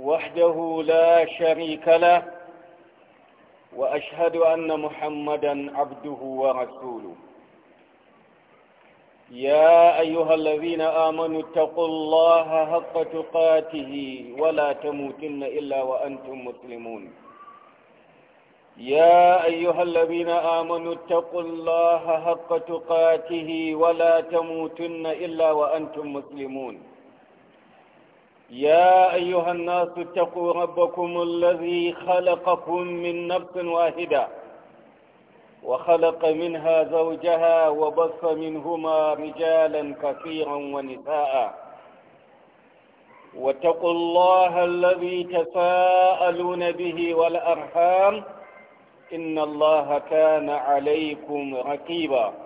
وحده لا شريك له وأشهد أن محمدا عبده ورسوله يا أيها الذين آمنوا اتقوا الله حق تقاته ولا تموتن إلا وأنتم مسلمون يا أيها الذين آمنوا اتقوا الله حق تقاته ولا تموتن إلا وأنتم مسلمون يا أيها الناس اتقوا ربكم الذي خلقكم من نفس واحدة وخلق منها زوجها وبص منهما رجالا كثيرا ونساء واتقوا الله الذي تساءلون به والأرحام إن الله كان عليكم رقيباً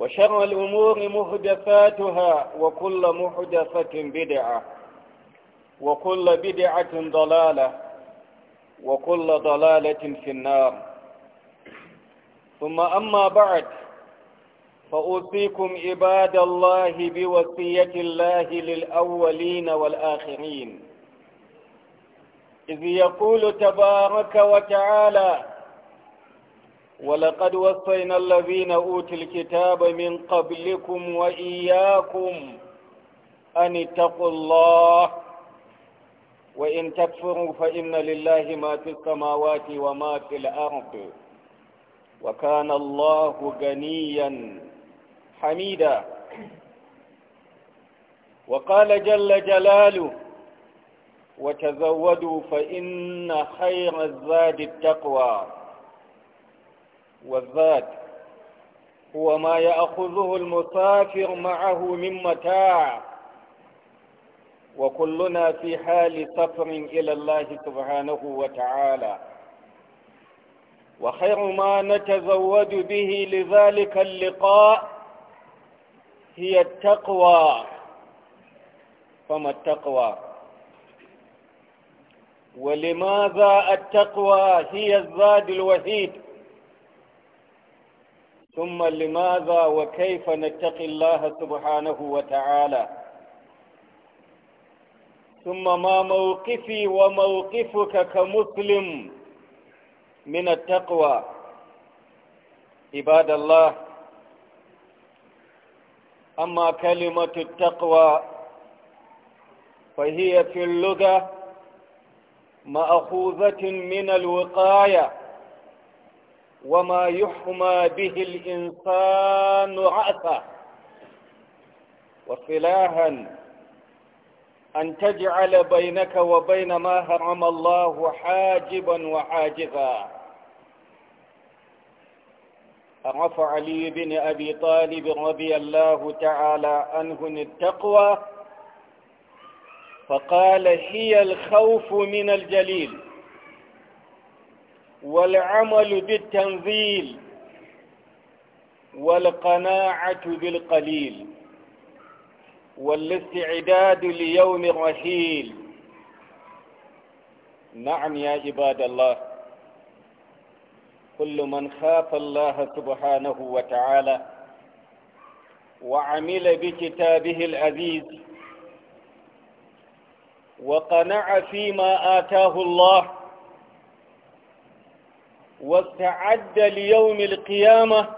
وشر الأمور محدثاتها وكل محدثة بدعة وكل بدعة ضلالة وكل ضلالة في النار ثم أما بعد فأوصيكم عباد الله بوصية الله للأولين والآخرين إذ يقول تبارك وتعالى ولقد وصينا الذين أوتوا الكتاب من قبلكم وإياكم أن اتقوا الله وإن تكفروا فإن لله ما في السماوات وما في الأرض وكان الله غنيا حميدا وقال جل جلاله وتزودوا فإن خير الزاد التقوى والذات هو ما يأخذه المسافر معه من متاع وكلنا في حال سفر إلى الله سبحانه وتعالى وخير ما نتزود به لذلك اللقاء هي التقوى فما التقوى ولماذا التقوى هي الزاد الوحيد ثم لماذا وكيف نتقي الله سبحانه وتعالى ثم ما موقفي وموقفك كمسلم من التقوى عباد الله أما كلمة التقوى فهي في اللغة مأخوذة من الوقاية وما يحمى به الإنسان رأسه وصلاها أن تجعل بينك وبين ما حرم الله حاجبا وحاجبا رفع علي بن أبي طالب رضي الله تعالى عنه التقوى فقال هي الخوف من الجليل والعمل بالتنزيل والقناعة بالقليل والاستعداد ليوم الرحيل نعم يا عباد الله كل من خاف الله سبحانه وتعالى وعمل بكتابه العزيز وقنع فيما آتاه الله واستعد ليوم القيامة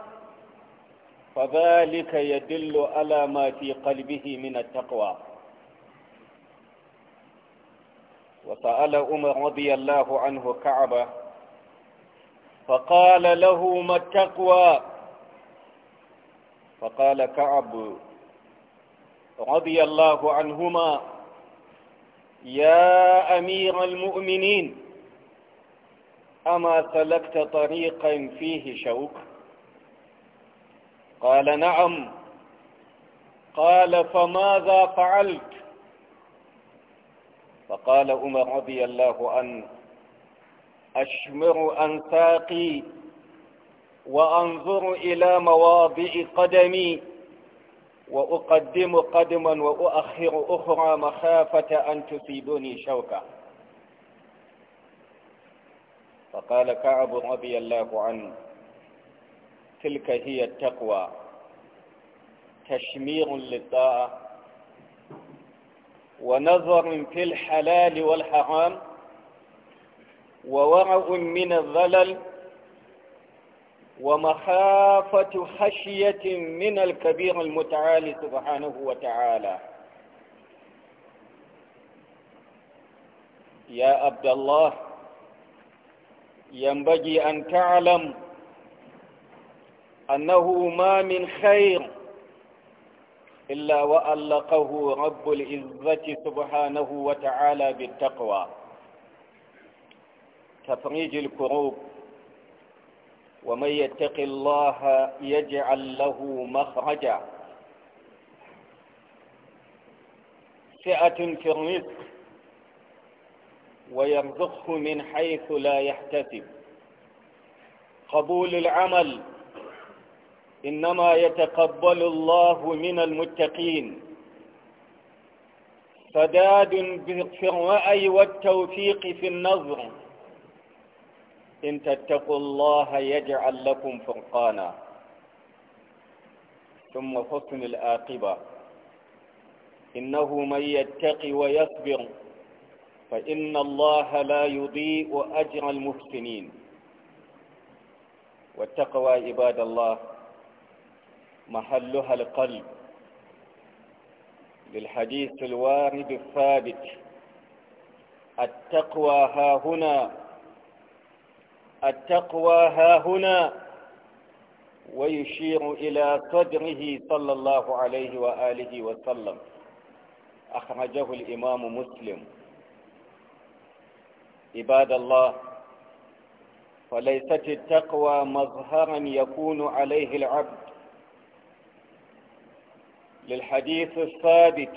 فذلك يدل على ما في قلبه من التقوى وسأل عمر رضي الله عنه كعبة فقال له ما التقوى فقال كعب رضي الله عنهما يا أمير المؤمنين أما سلكت طريقا فيه شوك قال نعم قال فماذا فعلت فقال عمر رضي الله عنه أشمر أنفاقي وأنظر إلى مواضع قدمي وأقدم قدما وأؤخر أخرى مخافة أن تصيبني شوكة فقال كعب رضي الله عنه تلك هي التقوى تشمير للطاعة ونظر في الحلال والحرام وورع من الظلل ومخافة خشية من الكبير المتعالي سبحانه وتعالى يا عبد الله ينبغي أن تعلم أنه ما من خير إلا وألقه رب العزة سبحانه وتعالى بالتقوى تفريج الكروب ومن يتق الله يجعل له مخرجا سعة في الرزق ويرزقه من حيث لا يحتسب قبول العمل إنما يتقبل الله من المتقين سداد في الرأي والتوفيق في النظر إن تتقوا الله يجعل لكم فرقانا ثم حسن الآقبة إنه من يتقي ويصبر فإن الله لا يضيء أجر المحسنين والتقوى عباد الله محلها القلب للحديث الوارد الثابت التقوى ها هنا التقوى ها هنا ويشير إلى صدره صلى الله عليه وآله وسلم أخرجه الإمام مسلم عباد الله وليست التقوى مظهرا يكون عليه العبد للحديث الثابت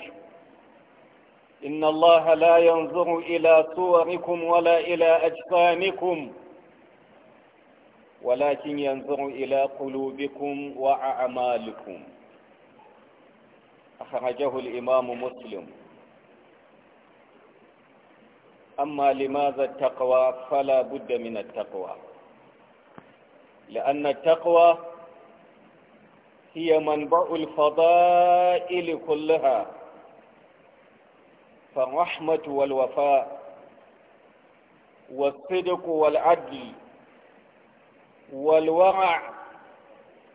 إن الله لا ينظر إلى صوركم ولا إلى أجسامكم ولكن ينظر إلى قلوبكم وأعمالكم أخرجه الإمام مسلم أما لماذا التقوى فلا بد من التقوى لأن التقوى هي منبع الفضائل كلها فالرحمة والوفاء والصدق والعدل والورع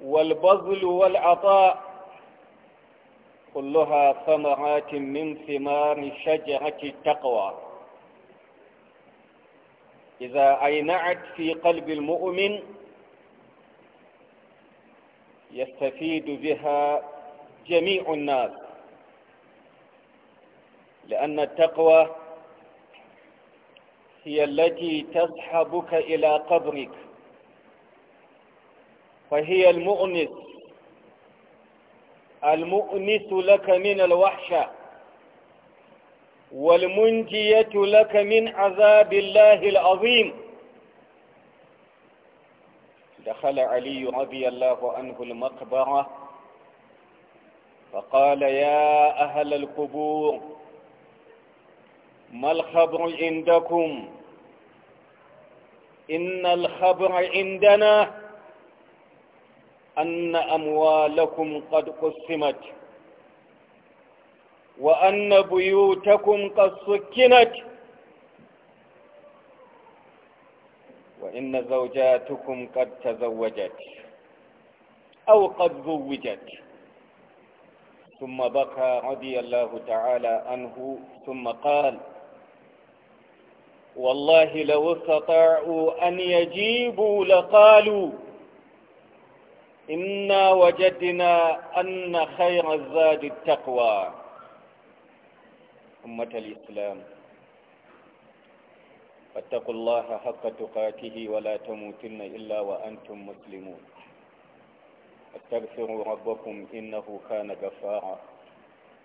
والبذل والعطاء كلها ثمرات من ثمار شجرة التقوى إذا أينعت في قلب المؤمن يستفيد بها جميع الناس لأن التقوى هي التي تصحبك إلى قبرك فهي المؤنس المؤنس لك من الوحشه والمنجية لك من عذاب الله العظيم دخل علي رضي الله عنه المقبرة فقال يا أهل القبور ما الخبر عندكم إن الخبر عندنا أن أموالكم قد قسمت وأن بيوتكم قد سكنت وإن زوجاتكم قد تزوجت أو قد زوجت ثم بكى رضي الله تعالى عنه ثم قال والله لو استطاعوا أن يجيبوا لقالوا إنا وجدنا أن خير الزاد التقوى أمة الإسلام فاتقوا الله حق تقاته ولا تموتن إلا وأنتم مسلمون استغفروا ربكم إنه كان غفارا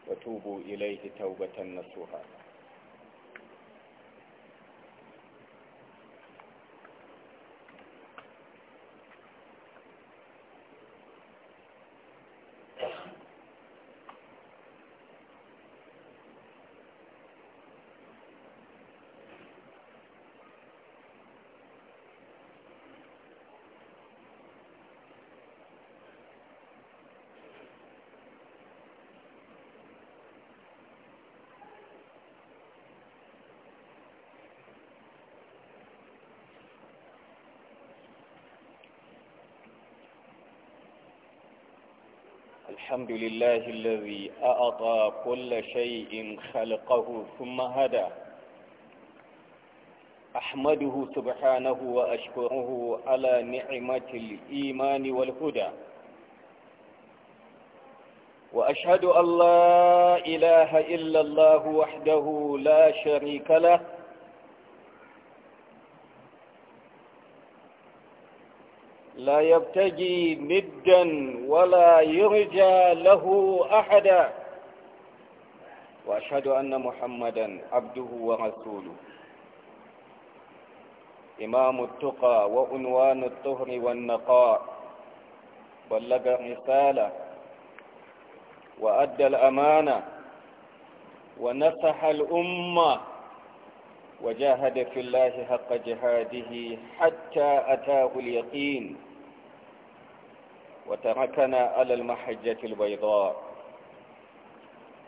وتوبوا إليه توبة نصوحا الحمد لله الذي أعطى كل شيء خلقه ثم هدى أحمده سبحانه وأشكره على نعمة الإيمان والهدى وأشهد أن لا إله إلا الله وحده لا شريك له لا يبتغي ندا ولا يرجى له أحدا وأشهد أن محمدا عبده ورسوله إمام التقى وعنوان الطهر والنقاء بلغ الرسالة وأدى الأمانة ونصح الأمة وجاهد في الله حق جهاده حتى أتاه اليقين وتركنا على المحجة البيضاء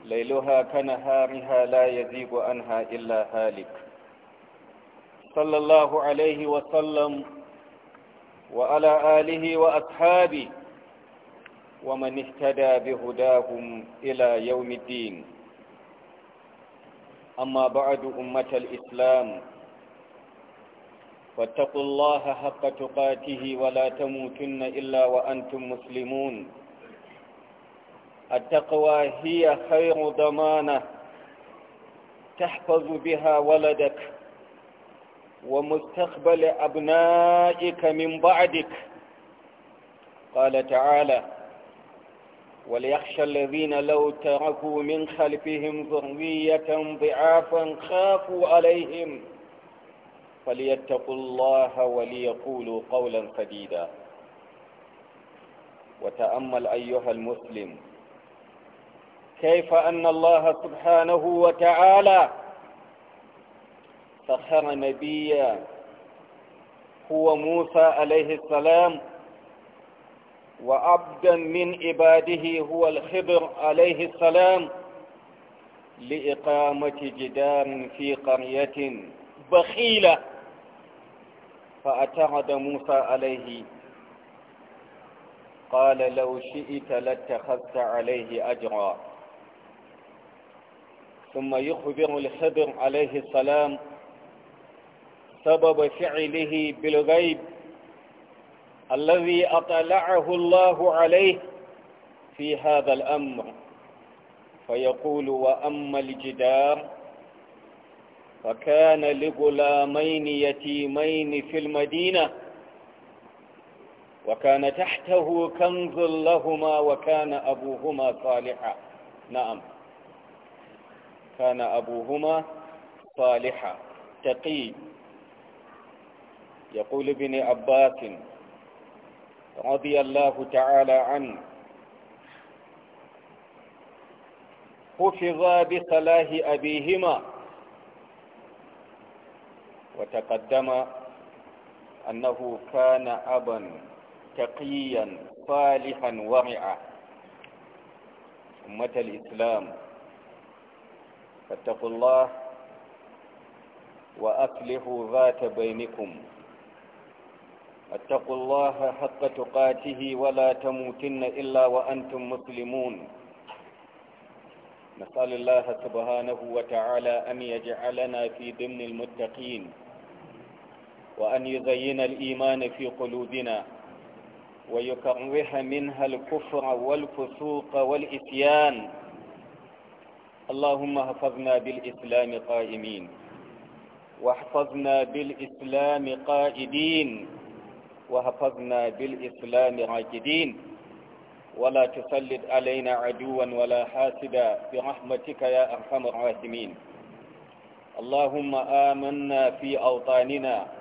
ليلها كنهارها لا يزيغ عنها إلا هالك صلى الله عليه وسلم وعلى آله وأصحابه ومن اهتدى بهداهم إلى يوم الدين أما بعد أمة الإسلام واتقوا الله حق تقاته ولا تموتن إلا وأنتم مسلمون التقوى هي خير ضمانة تحفظ بها ولدك ومستقبل أبنائك من بعدك قال تعالى وليخشى الذين لو تركوا من خلفهم ذرية ضعافا خافوا عليهم فليتقوا الله وليقولوا قولا سديدا وتأمل أيها المسلم كيف أن الله سبحانه وتعالى سخر نبيا هو موسى عليه السلام وعبدا من عباده هو الخضر عليه السلام لإقامة جدار في قرية بخيلة فأتعد موسى عليه قال لو شئت لاتخذت عليه أجرا ثم يخبر الخبر عليه السلام سبب فعله بالغيب الذي أطلعه الله عليه في هذا الأمر فيقول وأما الجدار وكان لغلامين يتيمين في المدينة وكان تحته كنز لهما وكان أبوهما صالحا نعم كان أبوهما صالحا تقي يقول ابن عباس رضي الله تعالى عنه حفظا بصلاح أبيهما وتقدم أنه كان أبا تقيا صالحا ورعا أمة الإسلام فاتقوا الله وأصلحوا ذات بينكم اتقوا الله حق تقاته ولا تموتن إلا وأنتم مسلمون نسأل الله سبحانه وتعالى أن يجعلنا في ضمن المتقين وأن يزين الإيمان في قلوبنا ويكره منها الكفر والفسوق والإتيان اللهم احفظنا بالإسلام قائمين واحفظنا بالإسلام قائدين وحفظنا بالإسلام راكدين ولا تسلد علينا عدوا ولا حاسدا برحمتك يا أرحم الراحمين اللهم آمنا في أوطاننا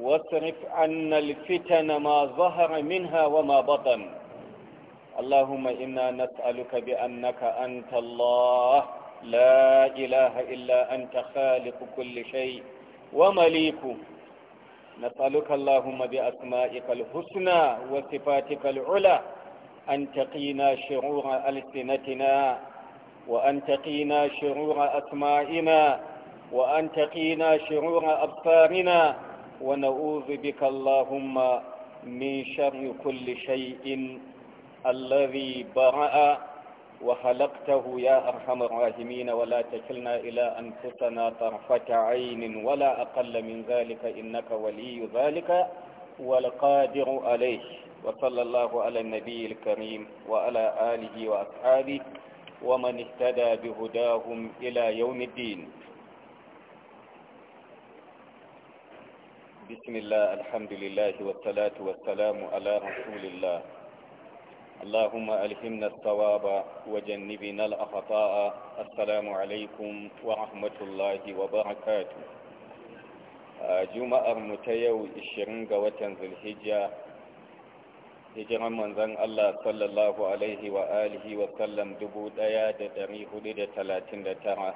واصرف عنا الفتن ما ظهر منها وما بطن اللهم إنا نسألك بأنك أنت الله لا إله إلا أنت خالق كل شيء ومليكه نسألك اللهم بأسمائك الحسنى وصفاتك العلى أن تقينا شرور ألسنتنا وأن تقينا شرور أسمائنا وأن تقينا شرور أبصارنا ونعوذ بك اللهم من شر كل شيء الذي برأ وخلقته يا أرحم الراحمين ولا تكلنا إلى أنفسنا طرفة عين ولا أقل من ذلك إنك ولي ذلك والقادر عليه وصلى الله على النبي الكريم وعلى آله وأصحابه ومن اهتدى بهداهم إلى يوم الدين بسم الله الحمد لله والصلاة والسلام على رسول الله اللهم ألهمنا الصواب وجنبنا الأخطاء السلام عليكم ورحمة الله وبركاته جمعة متيو الشرنق وتنزل الهجة هجرا من ذن الله صلى الله عليه وآله وسلم دبو ديادة ريه لدى ثلاثين ترى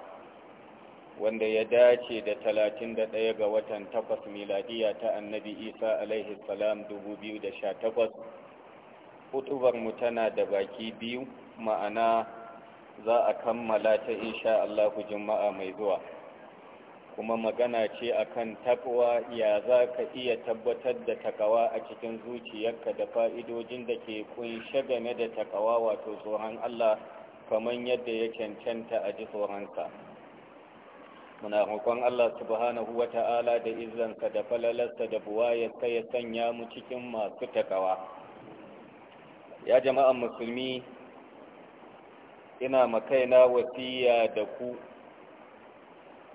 wanda ya dace da talatin da ɗaya ga watan 8 miladiya ta annabi isa alaihi salam 2018 hutubarmu tana da baki biyu ma'ana za a kammala ta insha Allahu juma'a mai zuwa kuma magana ce akan takwa ya za ka iya tabbatar da takawa a cikin zuciyarka da fa'idojin da ke kunshe game da takawa wato tsoron Allah kamar yadda ya cancanta a ji tsoronka. muna roƙon Allah subhanahu wa ta'ala da izinsa da falalarsa da buwayarsa ya sanya mu cikin masu takawa ya jama'an musulmi ina makaina wasiya da ku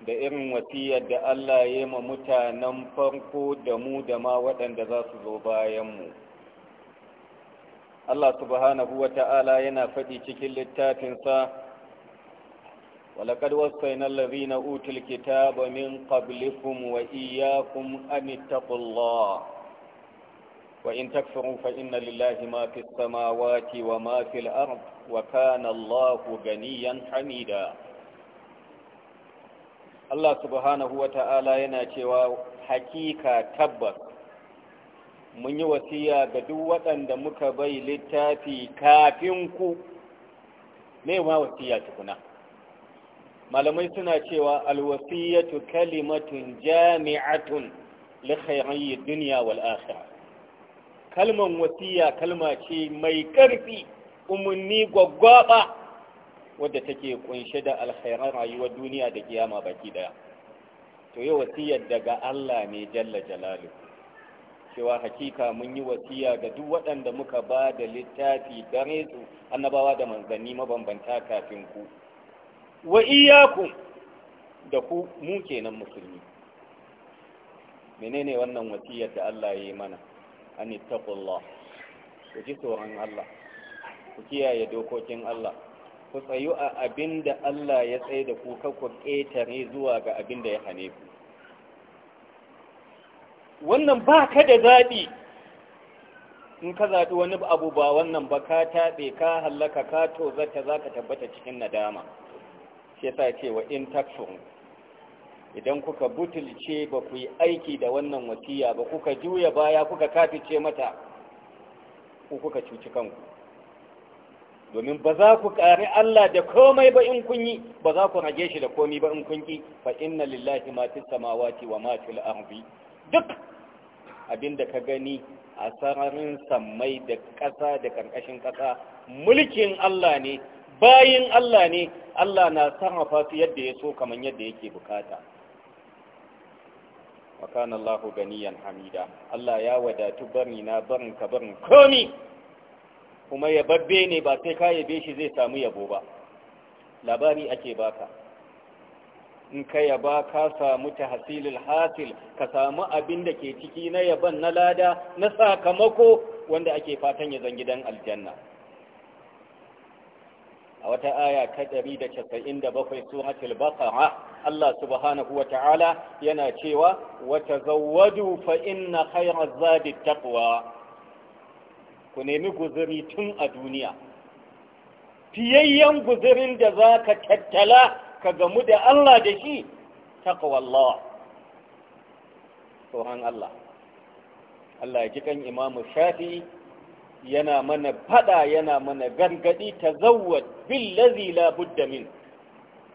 da irin wasiyar da Allah ya ma mutanen farko da mu da ma waɗanda za su zo bayanmu Allah subhanahu wa ta'ala yana faɗi cikin littafinsa ولقد وصينا الذين أوتوا الكتاب من قبلكم وإياكم أن اتقوا الله وإن تكفروا فإن لله ما في السماوات وما في الأرض وكان الله غنيا حميدا Allah subhanahu wa ta'ala yana cewa hakika tabbas mun yi wasiya ga duk waɗanda muka bai littafi kafin ku ne ma wasiya tukuna. malamai suna cewa alwasiyatu kalimatun jami'atun li dunya wal akhirah kalman wasiya kalma ce mai karfi umunni gwaggwaba wadda take kunshe da alkhairar rayuwar duniya da kiyama baki daya to yi wasiyar daga Allah ne jalla jalalu cewa hakika mun yi wasiya ga duk waɗanda muka ba da littafi gare su annabawa da manzanni mabambanta kafin ku wa iyyakum da ku mu kenan musulmi menene wannan wasiyar da Allah ya yi mana an ittaqullah ku ji tsoron Allah ku kiyaye dokokin Allah ku tsayu a abin Allah ya tsaye da ku ku ƙetare zuwa ga abin ya hane ku wannan ba ka da zaɓi in ka zaɓi wani abu ba wannan ba ka taɓe ka hallaka ka to zaka ka tabbata cikin nadama shi yasa ce wa in takfun idan kuka butulce ba ku yi aiki da wannan wasiya ba kuka juya baya kuka kafice mata ku kuka cuci kanku domin ba za ku ƙari Allah da komai ba in kun yi ba za ku rage shi da komai ba in kun ki fa inna lillahi ma fi samawati wa ma fil ardi duk da ka gani a sararin samai da ƙasa da ƙarƙashin ƙasa mulkin Allah ne bayin Allah ne Allah na sarrafa su yadda ya so kamar yadda yake bukata wa kana Allahu ganiyan hamida Allah ya wadatu bari na barin ka barin komi kuma yababbe ne ba sai ka yabe shi zai samu yabo ba labari ake baka in ka yaba ka samu tahsilul hasil ka samu abin da ke ciki na yaban na lada na sakamako wanda ake fatan ya zan gidan aljanna a wata aya ta 197 suratul baqara Allah subhanahu wata'ala yana cewa wata tazawwadu fa inna khayra zadi taqwa ku nemi guzuri tun a duniya fiyayyen guzurin da zaka tattala ka gamu da Allah da shi taqwallah tsoron Allah Allah ya ji kan imamu shafi'i yana mana fada yana mana gargadi ta tazawwad billazi la budda min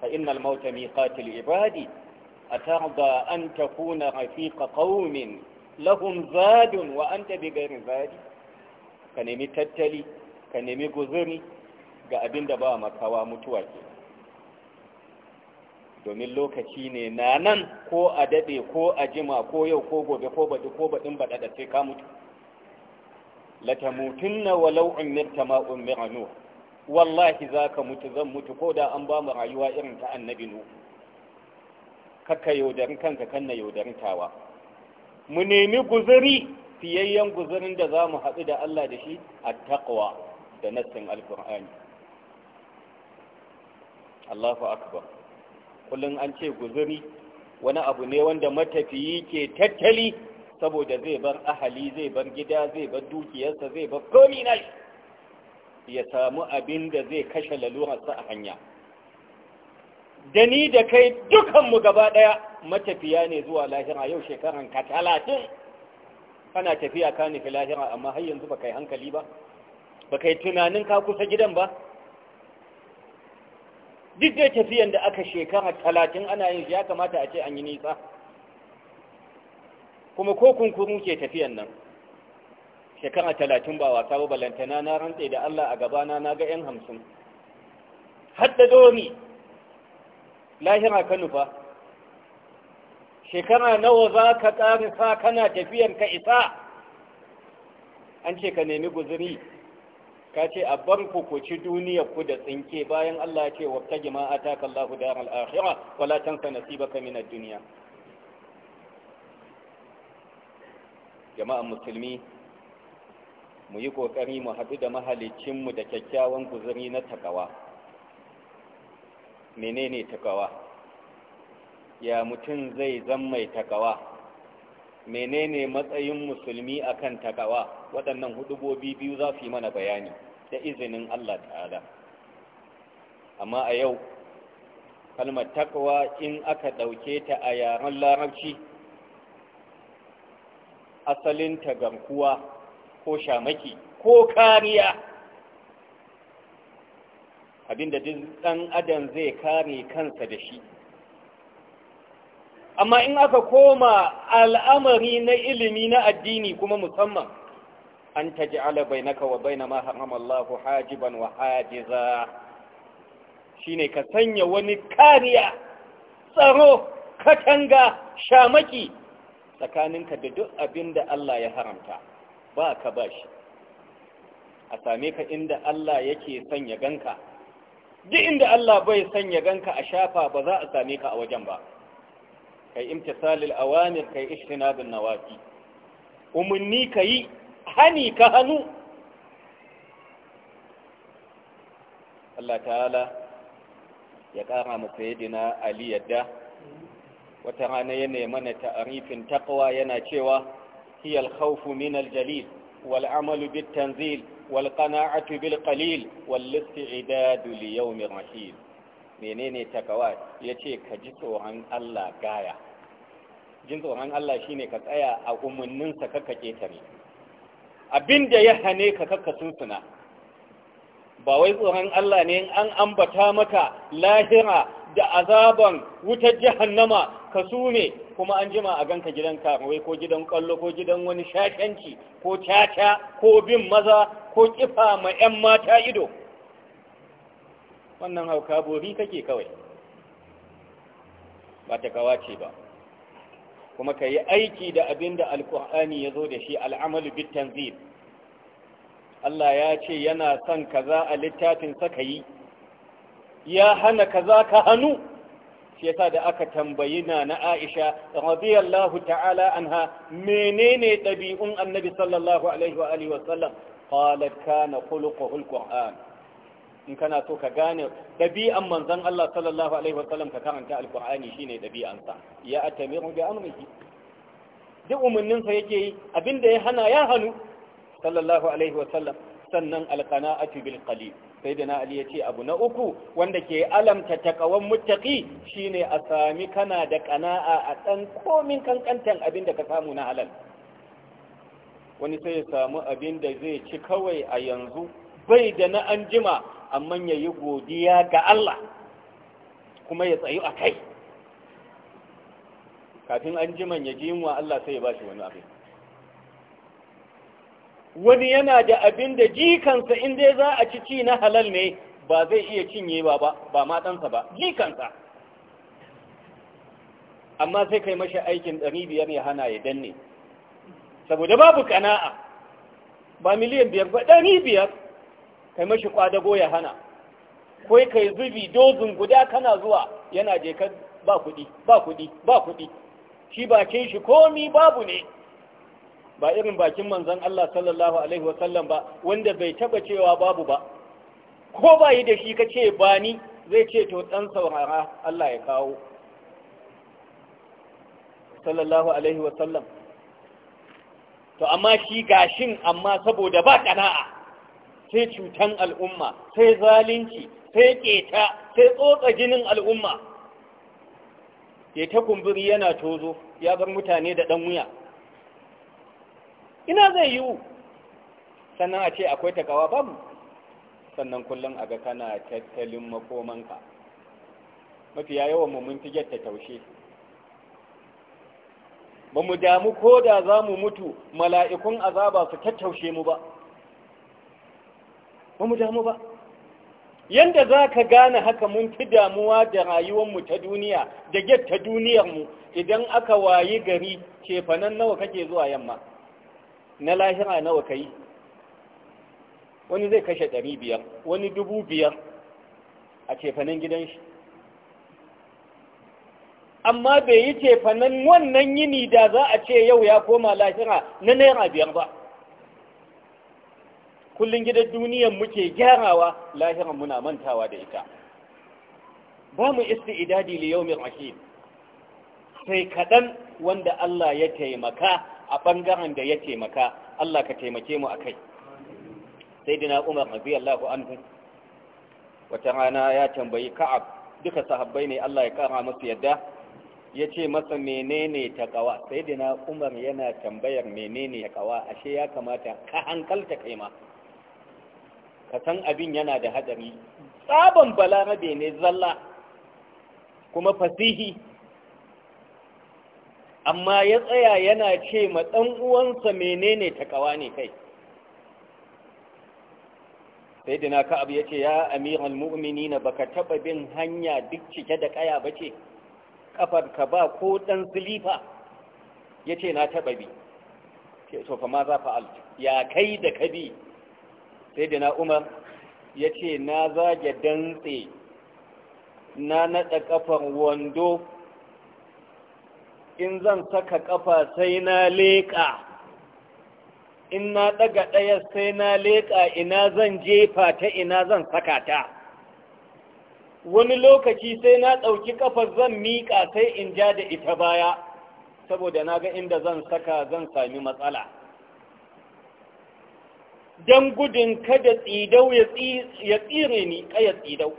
fa innal mauta miqatil ibadi atarda an takuna hafiƙa qaumin lahum zadun wa anta garin zadi ka nemi tattali ka nemi guzuri ga abinda da ba makawa mutuwa ke domin lokaci ne na nan ko a daɗe ko a jima ko yau ko gobe ko baɗi ko baɗin da sai ka mutu latamutunna walau umirta ma umira nu wallahi zaka mutu zan mutu ko da an ba mu rayuwa irin ta annabi nu kakka yaudarin kanka kanna yaudarin tawa mu nemi guzuri fiyayyen guzurin da za mu haɗu da Allah da shi a taƙwa da nassin alƙur'ani Allahu akbar kullum an ce guzuri wani abu ne wanda matafiyi ke tattali saboda zai bar ahali zai bar gida zai bar dukiyarsa zai bar komi ya samu abin da zai kashe lalurarsa a hanya da ni da kai dukanmu gaba ɗaya matafiya ne zuwa lahira yau shekaran ka talatin kana tafiya ka nufi lahira amma har yanzu ba kai hankali ba ba kai tunanin ka kusa gidan ba duk da tafiyan da aka shekara talatin ana yin shi ya kamata a ce an yi nisa kuma ko kunkuru ke tafiyan nan shekara talatin ba wasa ba balantana na rantse da Allah a gabana na ga ‘yan hamsin hadda domi lahira kanu fa shekara nawa za ka ƙarisa kana tafiyan ka isa an ce ka nemi guzuri ka ce a bar ku ku ci duniyar ku da tsinke bayan Allah ya ce wa ta jima'a ta kallahu da al'akhira wala tansa nasibaka min ad jama'an musulmi mu yi ƙoƙari mu haɗu da mahalicinmu da kyakkyawan guzuri na takawa menene takawa ya mutum zai zan mai takawa menene matsayin musulmi akan takawa waɗannan hudubobi biyu za su yi mana bayani da izinin Allah ta'ala amma a yau kalmar takawa in aka ɗauke ta a yaren larabci asalin tagamkuwa ko shamaki ko kariya abinda duk ɗan adam zai kare kansa da shi amma in aka koma al'amari na ilimi na addini kuma musamman an ta ji alabai na kawo bai na hajiban wa hajiza shi ne ka sanya wani kariya tsaro katanga shamaki tsakaninka da duk abin da Allah ya haramta ba ka ba shi a same ka inda Allah yake son ya ganka duk inda Allah bai son ya ganka a shafa ba za a same ka a wajen ba kai imtisalil awamir kai ishtinabin nawafi umunni kai hani ka hannu Allah ta'ala ya ƙara masa dina Ali yadda wata rana yana mana ta'arifin taqwa yana cewa hiya al min al-jalil wal amalu bit tanzil wal qana'atu bil qalil wal isti'dadu li yawmin rahim menene takawa yace ka ji tsoron Allah gaya jin tsoron Allah shine ka tsaya a umunnin sa kaka ketare abinda ya hane ka kaka sunsuna ba wai tsoron Allah ne an ambata maka lahira da azaban wutar jahannama ka sume kuma an jima a ganka gidan karuwai ko gidan kallo ko gidan wani shakenci ko caca ko bin maza ko kifa ma 'yan mata ido wannan hauka bori kake kawai ba ta kawace ba kuma ka yi aiki da abin da alƙur'ani ya zo da shi al'amalu bitan Allah ya ce yana son kaza a littafin saka yi ya hana kaza ka hannu shi ya da aka tambayi na na Aisha radiyallahu ta'ala anha menene dabi'un annabi sallallahu alaihi wa alihi wa sallam qalat kana khuluquhu alquran in kana so ka gane ɗabi'an manzon Allah sallallahu alaihi wa sallam ka karanta alqurani shine dabi'an sa ya atamiru bi amrihi duk umarnin sa yake yi abinda ya hana ya hanu sallallahu alaihi wa sallam sannan alqana'atu bil qalil sai da sayyidina ali yace abu na uku wanda ke alamta takawan muttaqi shine a sami kana da ƙana'a a ɗan komin kankantan abin da ka samu na halal wani sai ya samu abin da zai ci kawai a yanzu bai da na anjima amma ya yi godiya ga Allah kuma ya tsayu a kai kafin anjiman ya ji wa Allah sai ya ba wani abin wani yana da abin da jikansa in dai za a ci ci na halal ne ba zai iya cinye ba ba ba matansa ba jikansa amma sai kai mashi aikin ɗari biyar ya hana ya danne saboda babu kana'a ba miliyan biyar ba ɗari biyar kai mashi kwadago ya hana kai kai zubi dozin guda kana zuwa yana je ka ba kuɗi ba kuɗi ba kuɗi shi ba shi komi babu ne ba irin bakin manzon Allah sallallahu alaihi wasallam ba wanda bai taba cewa babu ba ko ba yi da shi ka ce ba ni zai ce to ɗan saurara Allah ya kawo sallallahu alaihi wasallam to amma shi gashin amma saboda ba kana'a sai cutan al'umma sai zalunci sai keta sai tsotsa jinin al'umma Ke ta kumburi yana tozo ya bar mutane da ɗan wuya ina zai yiwu sannan a ce akwai takawa babu sannan kullum a ga kana tattalin makomanka mafiya yawan mu mun fi ta taushe ba mu damu ko da za mu mutu mala'ikun azaba su tattaushe mu ba ba mu damu ba Yadda za ka gane haka mun fi damuwa da rayuwanmu ta duniya da get ta duniyarmu idan aka wayi gari cefanen nawa kake zuwa yamma na lahira nawa kai wani zai kashe ɗari biyar wani dubu biyar a cefanen gidan shi amma bai yi cefanen wannan yini da za a ce yau ya koma lahira na naira biyar ba kullum gidan duniyan muke gyarawa lahira muna mantawa da ita ba mu isti idadi liyomin rahim sai kaɗan wanda Allah ya taimaka a ɓangaren da ya taimaka Allah ka taimake mu a kai sai dina umar anhu wata rana ya tambayi ka'ab duka sahabbai ne Allah ya kara masu yadda ya ce masa menene takawa sai dina umar yana tambayar menene kawa ashe ya kamata ka hankalta kai ma ka san abin yana da hadari tsaban balarabe ne zalla kuma fasihi amma ya tsaya yana ce ma ɗan uwansa menene kawa ne kai sai ka ka'ab ya ce ya amiran mu'mini na baka taɓa bin hanya duk cike da ƙaya ba ce ka ba ko ɗan silifa ya ce na taɓa bi ce ma za fa'al ya kai da kabi sai dina umar ya ce na zage dantse na naɗa ƙafar wando in zan saka kafa sai na leƙa in na ɗaga ɗaya sai na leƙa ina zan jefa ta ina zan saka ta wani lokaci sai na ɗauki kafar zan miƙa sai in ja da ita baya saboda na ga inda zan saka zan sami matsala don gudun kada tsidau ya tsire ni ƙaya tsidau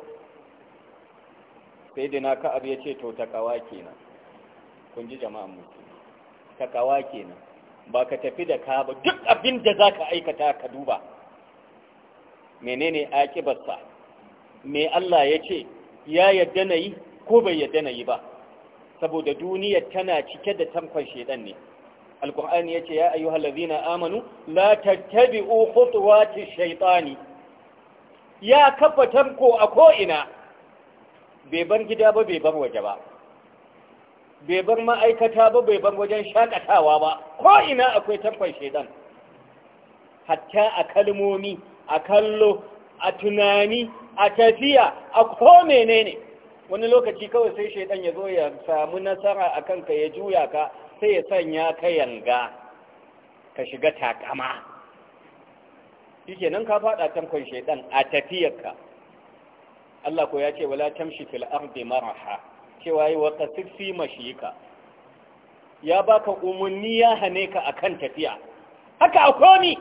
sai dina abu ya ce to ta kawa kenan kun ji jama'an mu kawa kenan ba ka tafi da ka ba duk abin da za ka aikata ka duba menene akibarsa me Allah ya ce ya yadda na yi ko bai yadda na yi ba saboda duniyar tana cike da tamkon shedan ne alkur'ani ya ce ya ayyuhal ladzina amanu la tattabi'u khutuwati shaytani ya kafa tamko a ko ina bai bar gida ba bai bar waje ba bai bar ma'aikata ba bai bar wajen shakatawa ba ko ina akwai tarkon shaidan hatta a kalmomi a kallo a tunani a tafiya a ko ne? wani lokaci kawai sai shaidan ya zo ya samu nasara a kanka ya juya ka sai ya sanya ka yanga ka shiga takama shi nan ka faɗa tankon shaidan a tafiyarka Allah ko ya ce wala tamshi fil ardi maraha cewa yi wa kasifi mashika ya baka umarni ya hane ka akan tafiya haka akwai ni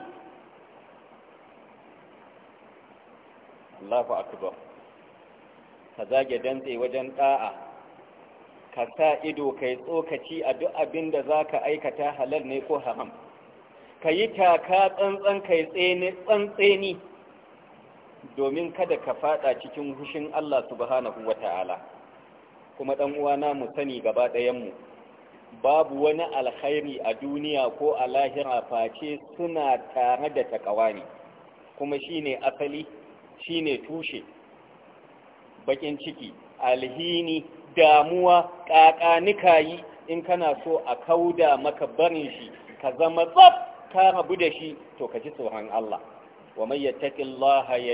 Allahu akbar ka zage dantse wajen ɗa'a, ka sa ido kai tsokaci a duk abin da za ka aikata halal ne ko haram ka yi taka tsantsan kai tsantseni domin kada ka faɗa cikin hushin Allah subhanahu wata'ala kuma ɗan uwana mu sani gaba ɗayanmu babu wani alkhairi a duniya ko a lahira face suna tare da takawa ne kuma shine asali shine tushe bakin ciki alhini damuwa ƙaƙanika yi in kana so a kauda maka barin shi ka zama tsab ka rabu da shi to ka ji tsoron Allah wa mai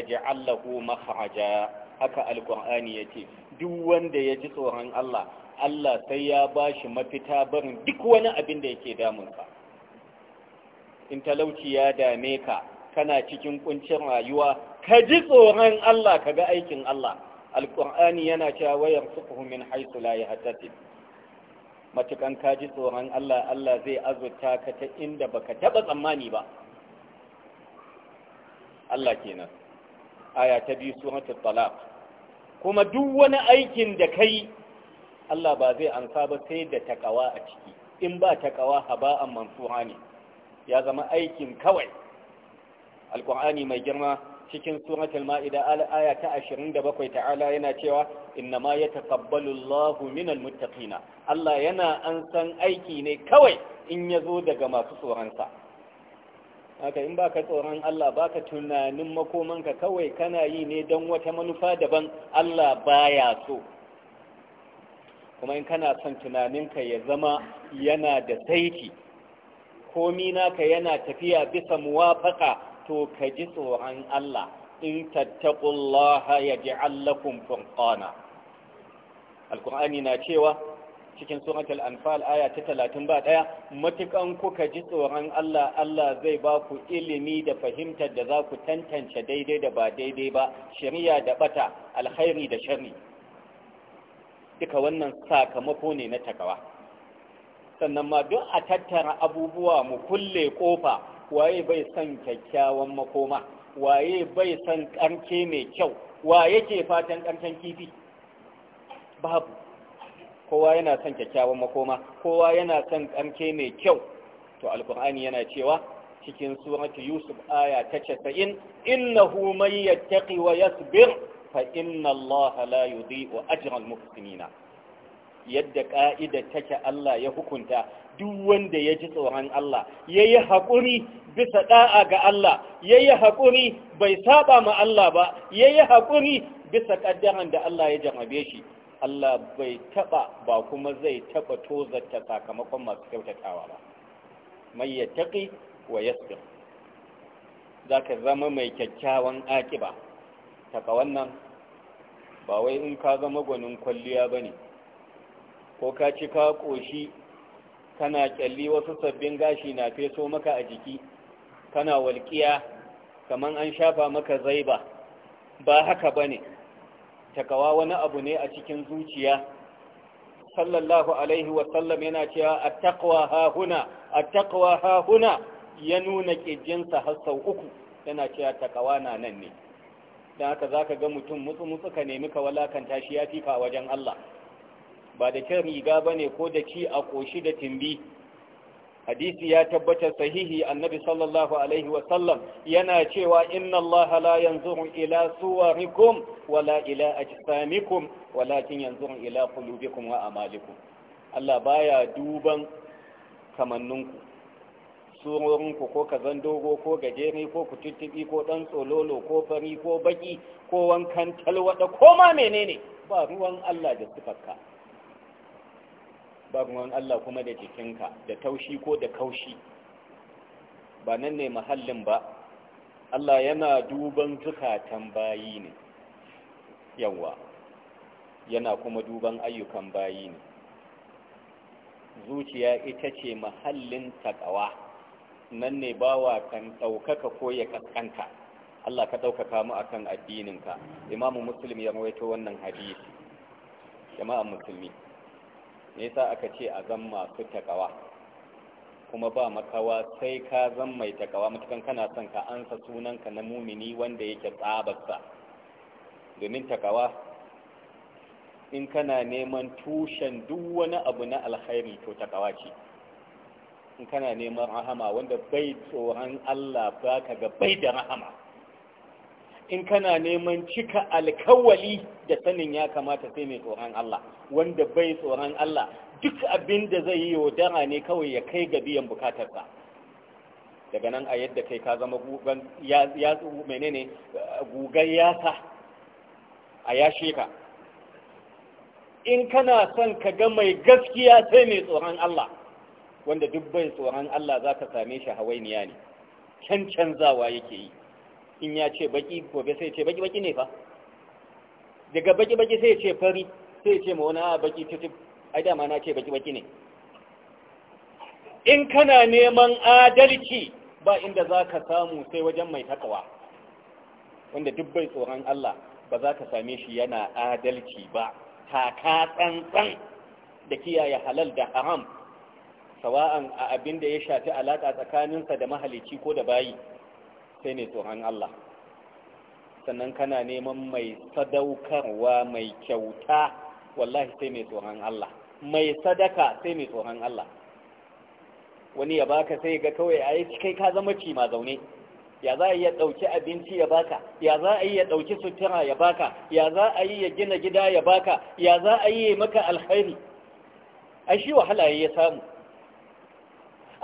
ji allah ko makhraja haka ya ce. duk wanda ya ji tsoron Allah Allah sai ya ba shi mafita barin duk wani abin da yake damunsa in talauci ya dame ka kana cikin kuncin rayuwa ka ji tsoron Allah ka ga aikin Allah alƙur'ani yana cewa wayar suku min haisu la yahtasib matukan ka ji tsoron Allah Allah zai azurta ka ta inda baka taɓa tsammani ba Allah kenan aya ta biyu suratul talaq kuma duk wani aikin da kai Allah ba zai ansa ba sai da takawa a ciki in ba takawa haba'an mansuha ne ya zama aikin kawai alkur'ani mai girma cikin suratul ma'ida al-aya ta 27 ta'ala yana cewa innama yataqabbalu Allahu minal muttaqina Allah yana an san aiki ne kawai in yazo daga masu tsoron sa haka in baka tsoron Allah baka tunanin makomanka kawai kana yi ne don wata manufa daban Allah baya so kuma in kana son tunaninka ya zama yana da saiti komi naka yana tafiya bisa muwafaka to ka ji tsoron Allah in tattaqullaha yaj'al lakum furqana alqur'ani na cewa cikin suratul anfal aya ta 31 matukan kuka ji tsoron Allah Allah zai ba ku ilimi da fahimtar da za ku tantance daidai da ba daidai ba shari'a da bata alkhairi da sharri duka wannan sakamako ne na takawa sannan ma duk a tattara abubuwa mu kulle kofa waye bai san kyakkyawan makoma waye bai san karke mai kyau waye ke fatan karken kifi babu kowa yana son kyakkyawan makoma kowa yana son kamke mai kyau to alkur'ani yana cewa cikin suratu yusuf aya ta 90 innahu man yattaqi wa yasbir fa inna allaha la yudhi'u wa al-muhsinina yadda ka'ida take Allah ya hukunta duk wanda ya ji tsoron Allah ya yi haƙuri bisa ɗa'a ga Allah ya yi haƙuri bai saba ma Allah ba ya yi haƙuri bisa ƙaddaran da Allah ya jarrabe shi Allah bai taba ba kuma zai taba tozarta sakamakon masu kyautatawa ba mai taƙi wa Za zaka zama mai kyakkyawan ba. taka wannan ba wai in ka zama gwanin kwalliya ba ne. ko ka ci ka ƙoshi kana ƙyalli wasu sabbin gashi na feso maka a jiki kana walƙiya Kamar an shafa maka zaiba ba haka ba ne. takawa wani abu ne a cikin zuciya sallallahu alaihi wasallam yana cewa a hahuna a hahuna ya nuna ƙirjinsa har sau uku yana cewa takawa na nan ne don haka za ka ga mutum mutsu-mutsu ka nemi ka walakanta shi ya fika wajen Allah ba da cin riga ba ne ko da ci a ƙoshi da timbi hadisi ya tabbatar sahihi annabi sallallahu alaihi wasallam yana cewa inna Allah la yanzuru ila suwarikum wala ila ajsamikum walakin yanzuru ila qulubikum wa amalikum Allah baya duban kamanninku surorinku ko kazan dogo ko gajere ko kututubi ko dan tsololo ko fari ko baki ko wankan talwada ko ma menene ba ruwan Allah da sifarka ba wani Allah kuma da jikinka da taushi ko da kaushi ba nan ne mahallin ba Allah yana duban zukatan bayi ne yawa yana kuma duban ayyukan bayi ne zuciya ita ce mahallin takawa nan ne bawa kan ɗaukaka ko ya kaskanta Allah ka ɗaukaka mu akan addininka imamu muslim ya mawaito wannan hadisi jama'an musulmi me yasa aka ce a zan masu takawa kuma ba makawa sai ka zan mai takawa matukan kana son ka ansa sunanka na mumini wanda yake tsabarsa domin takawa in kana neman tushen duk wani abu na alhairi to takawa ce in kana neman rahama wanda bai tsoron Allah ba ka ga bai da rahama in kana neman cika alkawali da sanin ya kamata sai mai tsoron Allah wanda bai tsoron Allah duk abin da zai yi yaudara ne kawai ya kai ga biyan bukatarsa daga nan a yadda kai ka zama gugan ya menene gugan yasa a yashe ka in kana son ka ga mai gaskiya sai mai tsoron Allah wanda duk bai tsoron Allah za ka same shi hawainiya ne can canzawa yake yi in ya ce baki gobe sai ce baki baki ne fa daga baki baki sai ce fari sai ce ma wani a ah, baki tutu ai dama na ce baki baki ne in kana neman adalci ba inda za ka samu sai wajen mai takawa wanda duk bai tsoron Allah ba za ka same shi yana adalci ba taka tsantsan da kiyaye halal da haram sawa'an a abin da ya shafi alaƙa tsakaninsa da mahalicci ko da bayi sai ne tsoron Allah sannan kana neman mai sadaukarwa mai kyauta wallahi sai mai tsoron Allah mai sadaka sai mai tsoron Allah wani ya baka sai ga kawai a yi kai ka zama ci ma zaune ya za a yi ya ɗauki abinci ya baka ya za a yi ya ɗauki sutura ya baka ya za a yi ya gina gida ya baka ya za a yi maka alkhairi a shi wahala ya samu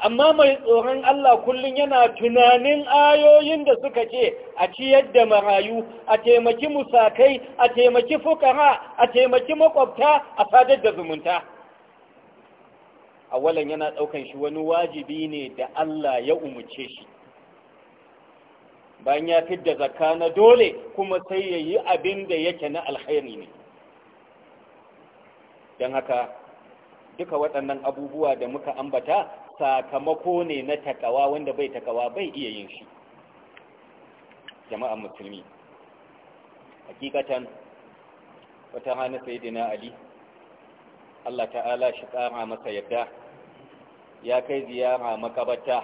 amma mai tsoron Allah kullum yana tunanin ayoyin da suka ce a ciyar da marayu a taimaki musakai a taimaki fukara a taimaki makwabta a sadar da zumunta awalan yana ɗaukan shi wani wajibi ne da Allah ya umuce shi bayan ya fidda zakka na dole kuma sai ya yi abin da yake na alkhairi ne don haka duka waɗannan abubuwa da muka ambata sakamako ne na takawa wanda bai takawa bai iya yin shi jama'an musulmi hakikatan wata hana sai ali Allah ta'ala shi ƙara masa yadda ya kai ziyara makabata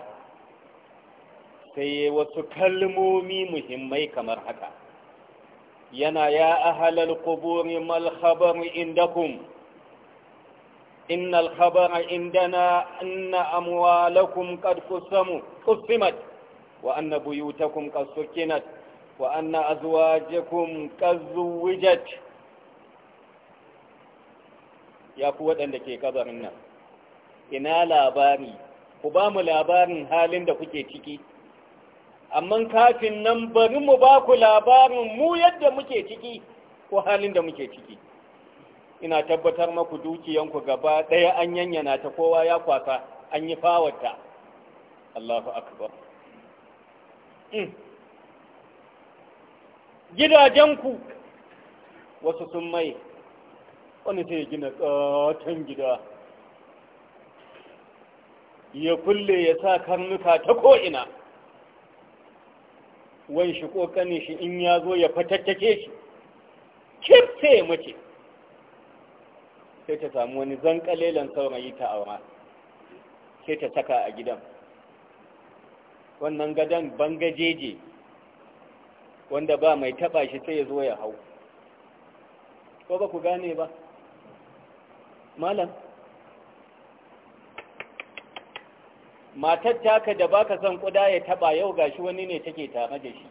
sai wasu kalmomi muhimmai kamar haka yana ya ahalar kuburi malhabar indakum إن الخبر عندنا أن أموالكم قد قسموا قسمت وأن بيوتكم قد سكنت وأن أزواجكم قد زوجت يا قوة عندك كبرنا ina labari ku ba mu labarin halin da kuke ciki amma kafin nan bari mu ba ku labarin mu yadda muke ciki ko halin da muke ciki ina tabbatar maku dukiyanku gaba ɗaya an yanyana ta kowa ya kwasa an yi fawarta. Allahu akbar mm. gidajenku wasu sun mai wani sai gina ƙaton gida ya kulle ya sa karnuka ta ko'ina wani shi ƙoƙanin shi in ya zo ya fatattake shi kirce mace sai ta samu wani zankalelan saurayi ta aura sai ta saka a gidan wannan gadon bangajeje wanda ba mai taba shi sai ya zo ya hau ko ba ku gane ba malam matar taka da baka son kuda ya taba yau gashi wani ne take tare da shi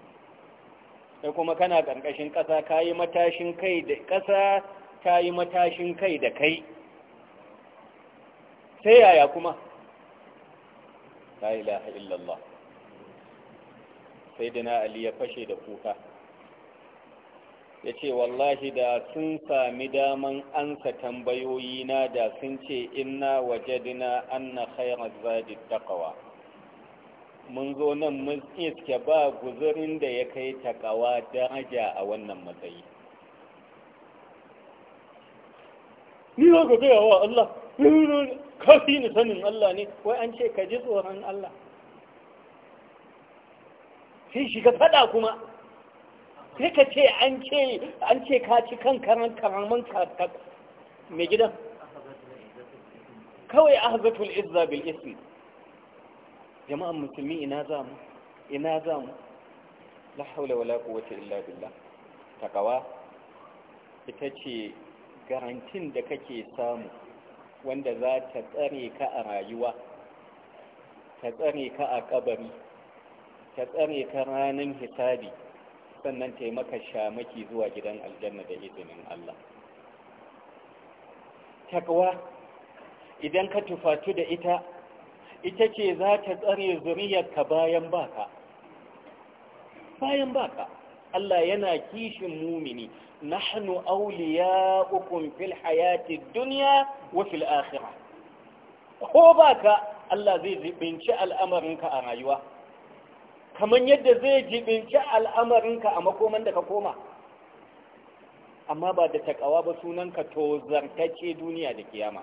sai kuma kana ƙarƙashin ƙasa kayi matashin kai da ƙasa ta yi matashin kai da kai sai yaya kuma la ilaha illallah sai dina ali ya fashe da kuka ya ce wallahi da sun sami daman ansa tambayoyi na da sun ce waje dina an na khairar zadi takawa mun zo nan mun iske ba guzurin da ya kai takawa daraja a wannan matsayi ni za ka gaya wa Allah kafi ni sanin Allah ne wai an ce ka ji tsoron Allah sai ka faɗa kuma sai ka ce an ce ka ci kan karan karaman ka mai gidan kawai hazatul izza bil ismi jama'an musulmi ina za mu ina za mu la haula wala quwwata illa billah takawa ita ce garantin da kake samu wanda za ta tsare ka a rayuwa ta tsare ka a kabari ta tsare ka ranar hisabi sannan ta yi maka shamaki zuwa gidan aljanna da izinin Allah takwa idan ka tufatu da ita ita ce za ta tsare zuriyarka bayan baka bayan baka Allah yana kishin mumini nahnu awliya'ukum fil hayati duniya wa fil akhirah ko baka Allah zai jibinci a rayuwa kamar yadda zai jibinci al'amarinka a makoman da ka koma amma ba da takawa ba sunanka to zartace duniya da kiyama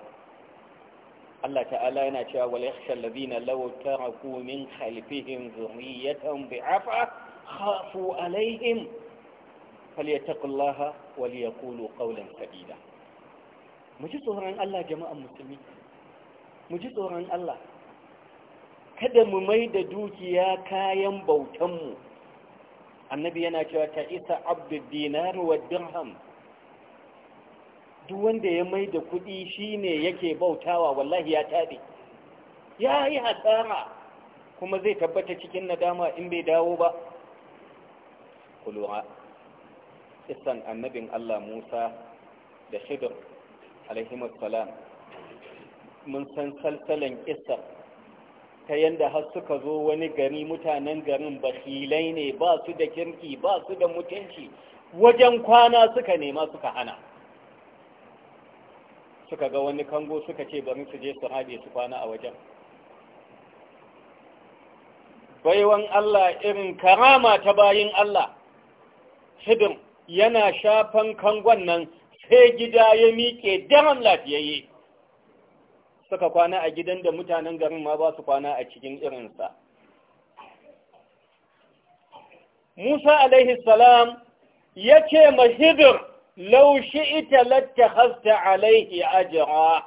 Allah ta'ala yana cewa wal yakhsha alladhina law taraku min khalfihim dhurriyatan bi'afa khafu alaihim فليتقوا الله وليقولوا قولا سديدا muji tsoron Allah jama'an musulmi muji tsoron Allah kada mu mai da dukiya kayan bautanmu annabi yana cewa ta isa abdul dinar wa dirham duk wanda ya mai da kuɗi shine yake bautawa wallahi ya tabe ya yi hasara kuma zai tabbata cikin nadama in bai dawo ba kulura kisan annabin Allah Musa da Shidur alaihimussalam mun san salsalan kisa ta yanda har suka zo wani gari mutanen garin bakilai ne ba su da kirki ba su da mutunci wajen kwana suka nema suka hana suka ga wani kango suka ce bari su je su haɗe su kwana a wajen baiwan Allah irin karama ta bayin Allah hidin yana shafan kangon nan sai gida ya miƙe daren lafiyayye suka kwana a gidan da mutanen garin ma ba su kwana a cikin irinsa musa alaihi salam ya ce mahidir laushi ita latta hasta alaihi ajira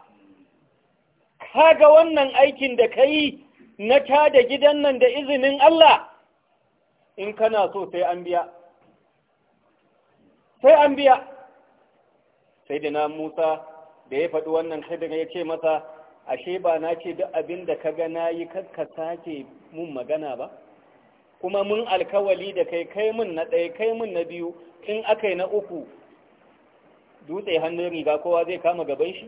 kaga wannan aikin da ka yi na da gidan nan da izinin Allah in kana so sai an biya sai an biya sai da na musa da ya faɗi wannan daga ya ce masa ashe ba na ce duk abin da ka ga na yi ka sake mun magana ba kuma mun alkawali da kai kai mun na ɗaya kai mun na biyu in aka yi na uku dutse hannun riga kowa zai kama gaban shi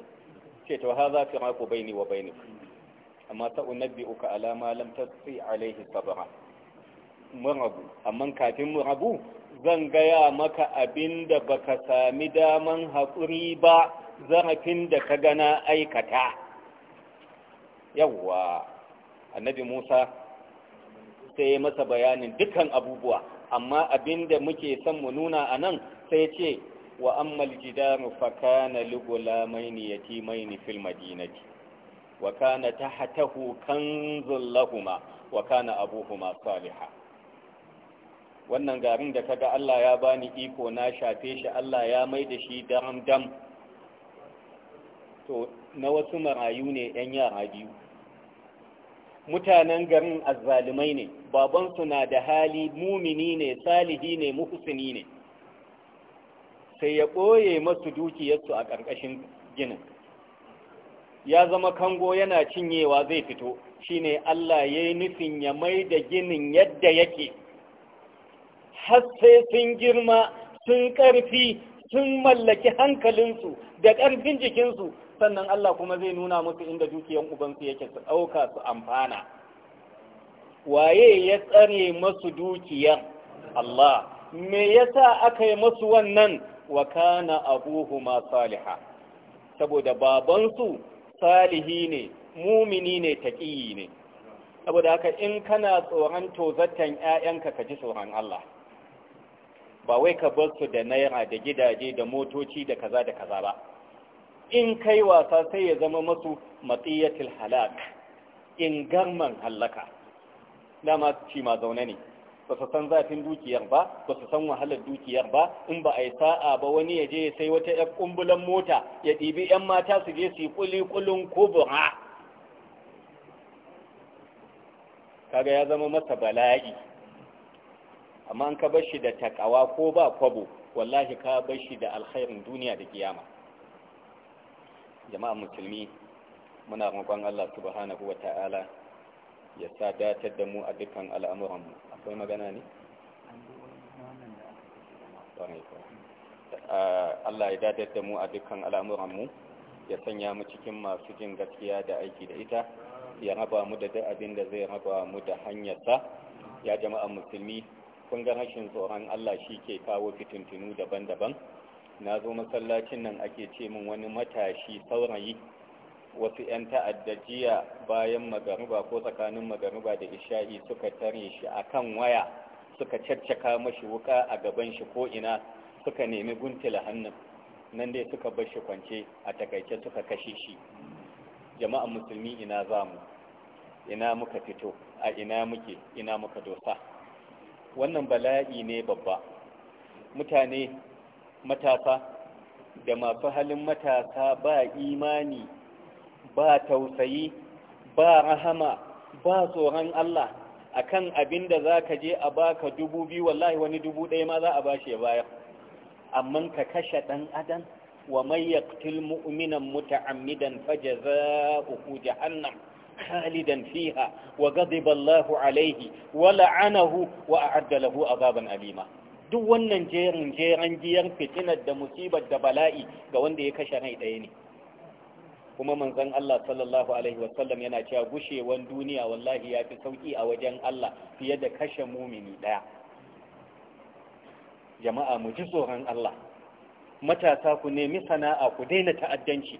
ce to ha za fi mako baini wa baini amma na unabbi uka alama lam a alaihi sabara mun rabu amma kafin mun rabu zan gaya maka abin da baka sami daman haƙuri ba zarafin da ka gana aikata yawwa annabi musa sai masa bayanin dukkan abubuwa amma abin da muke son mu nuna a nan sai ce wa ammal jidaru fa kana ligulamaini yatimaini fil madinati wa kana tahtahu kan zullahuma wa kana abūhumā wannan garin da kaga Allah ya bani iko na shafe shi Allah ya mai da shi dam dam to na wasu marayu ne yan yara biyu mutanen garin azzalumai ne babansu na da hali mumini ne salihi ne muhsini ne sai ya ɓoye masu dukiyarsu a ƙarƙashin ginin ya zama kango yana cinyewa zai fito shine Allah ya yi nufin ya mai da ginin yadda yake har sai sun girma sun ƙarfi sun mallaki hankalinsu da ƙarfin jikinsu sannan Allah kuma zai nuna musu inda dukiyan ubansu yake su ɗauka su amfana waye ya tsare masu dukiyan Allah me yasa aka yi masu wannan wa kana abuhuma saliha saboda babansu salihi ne mumini ne taƙiyi ne saboda haka in kana tsoron tozattan 'ya'yanka ka ji tsoron Allah ba wai ka bar su da naira da gidaje da motoci da kaza da kaza ba in kai wasa sai ya zama masu matsiyatul halak in garman halaka dama ci ma zaune ne ba su san zafin dukiyar ba ba su san wahalar dukiyar ba in ba a yi sa'a ba wani ya je ya sai wata yar kumbulan mota ya ɗibi yan mata su je su yi kulikulin kubura kaga ya zama masa bala'i amma an ka bashi da takawa ko ba kwabo wallahi ka bashi da alkhairin duniya da kiyama jama'a musulmi muna roƙon Allah subhanahu wa ta'ala ya sa datar da mu a dukkan al'amuran mu. akwai magana ne? Ah, Allah ya datar da mu a dukkan al'amuran mu ya sanya mu cikin masu jin gaskiya da aiki da ita ya raba mu da duk abin da zai raba mu da hanyarsa ya jama'a musulmi kun ga rashin tsoron Allah shi ke kawo fitintunu daban-daban na zo masallacin nan ake ce min wani matashi saurayi wasu 'yan ta'adda jiya bayan magariba ko tsakanin magariba da isha'i suka tare shi a kan waya suka caccaka mashi wuka a gaban shi ko ina suka nemi guntula hannun nan dai suka bar shi kwance a takaice suka kashe shi jama'an musulmi ina za mu ina muka fito a ina muke ina muka dosa wannan bala'i ne babba mutane matasa da masu halin matasa ba imani ba tausayi ba rahama ba tsoron Allah akan abin da za ka je a baka dubu biyu wallahi wani dubu ɗaya ma za a bashi ya bayar amma ka kashe ɗan adam wa mai yaktil mu'minan muta'ammidan fa jaza'uhu jahannam خالدا فيها وغضب الله عليه ولعنه وأعد له عذابا أليما duk wannan jerin jeran giyar fitinar da musibar da bala'i ga wanda ya kashe rai ɗaya ne kuma manzon Allah sallallahu alaihi wasallam yana cewa gushewan duniya wallahi ya fi sauki a wajen Allah fiye da kashe mumini ɗaya jama'a mu ji tsoron Allah matasa ku nemi sana'a ku daina ta'addanci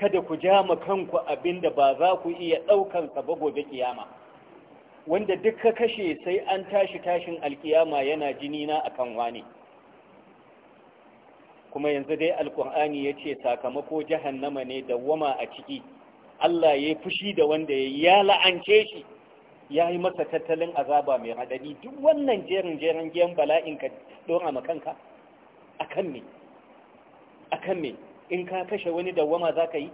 kada ku ja ma kanku abinda ba za ku iya sa ba gobe kiyama wanda duk ka kashe sai an tashi tashin alkiyama yana jinina akan wani kuma yanzu dai alkur'ani ya ce sakamako jahannama ne dawwama a ciki Allah ya fushi da wanda yayi ya la'ance shi yayi masa tattalin azaba mai hadari duk wannan jerin jerin giyan bala'in ka dora makanka akan me Akan me in ka kashe wani dawwama za ka yi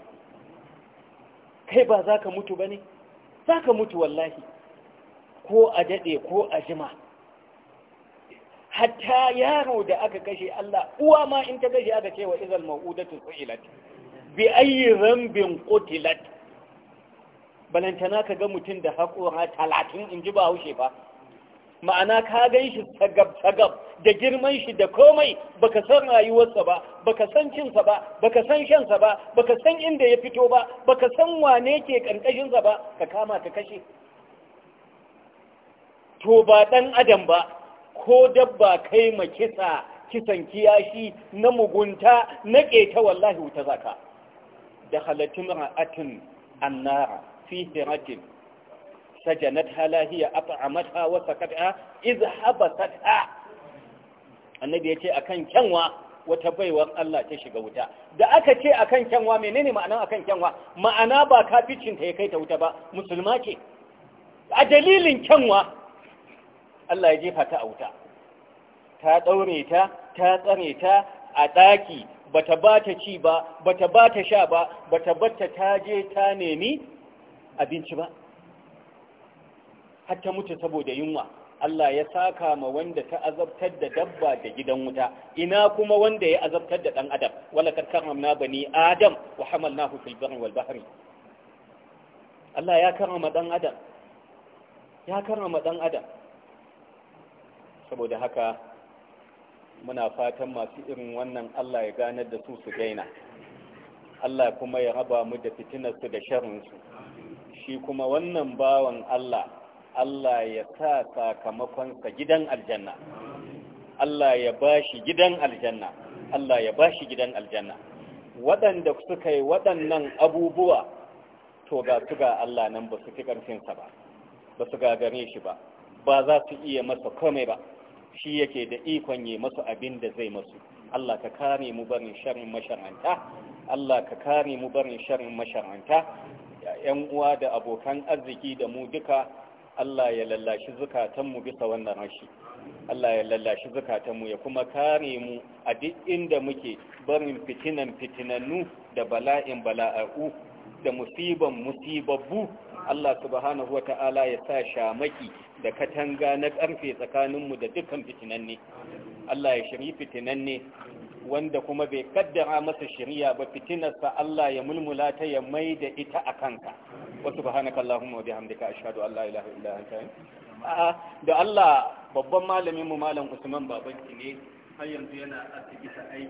kai ba za ka mutu ba ne za ka mutu wallahi ko a daɗe ko a jima hatta yaro da aka kashe Allah uwa ma in ta kashe aka cewa izal ma'udatu su'ilat bi ayi rambin ƙutilat balantana ka ga mutum da haƙora talatin in ji ba haushe ba ma'ana ka gan shi tagab-tagab da girman shi da komai baka san rayuwarsa ba baka san cinsa ba baka san shansa ba baka san inda ya fito ba baka san wane ke ƙanƙashinsa ba ka kama ka kashe to ba ɗan adam ba ko dabba kai ma kisa kisan kiyashi na mugunta na ƙeta wallahi wuta zaka da halattun ra'atin annara fi hiratin sajanatha lahiya at'amatha wa izu iz habasatha annabi yace kan kyanwa wata baiwar Allah ta shiga wuta da aka ce akan kyanwa menene a akan kyanwa ma'ana ba kaficin ta ya kai ta wuta ba musulma ce a dalilin kyanwa Allah ya jefa ta a wuta ta daure ta ta tsare ta a daki bata ba ta ci ba bata ba ta sha ba bata bata ta je ta nemi abinci ba har ta mutu saboda yunwa Allah ya saka ma wanda ta azabtar da dabba da gidan wuta ina kuma wanda ya azabtar da dan adam wala kad bani adam wa hamalnahu fil barri wal bahri Allah ya karama dan adam ya karama dan adam saboda haka muna fatan masu irin wannan Allah ya ganar da su su daina Allah kuma ya raba mu da fitinarsu da sharrinsu shi kuma wannan bawan Allah Allah ya sa sakamakonsa gidan aljanna Allah ya bashi gidan aljanna Allah ya bashi gidan aljanna waɗanda suka yi waɗannan abubuwa to ga su ga Allah nan ba su fi ƙarfinsa ba ba su gagare shi ba ba za su iya masa komai ba shi yake da ikon yi masu abin da zai masu Allah ka kare mu barin sharrin masharanta Allah ka kare mu barin sharrin masharanta yan uwa da abokan arziki da mu duka Allah ya lallashi zukatanmu bisa wannan hashi Allah ya lallashi zukatanmu ya kuma kare mu a duk inda muke barin fitinan fitinannu da bala'in bala'a'u da musiban musibabbu Allah subhanahu wa ta'ala ya sa shamaki da katanga na ƙarfe tsakaninmu da dukkan fitinanne Allah ya shiri fitinanne wanda kuma bai kaddara masa shari'a ba fitinarsa Allah ya mulmula ta ya mai da ita a kanka wa subhanaka allahumma wa bihamdika ashhadu an la ilaha illa anta da Allah babban malamin mu malam Usman babanki ne har yanzu yana asibiti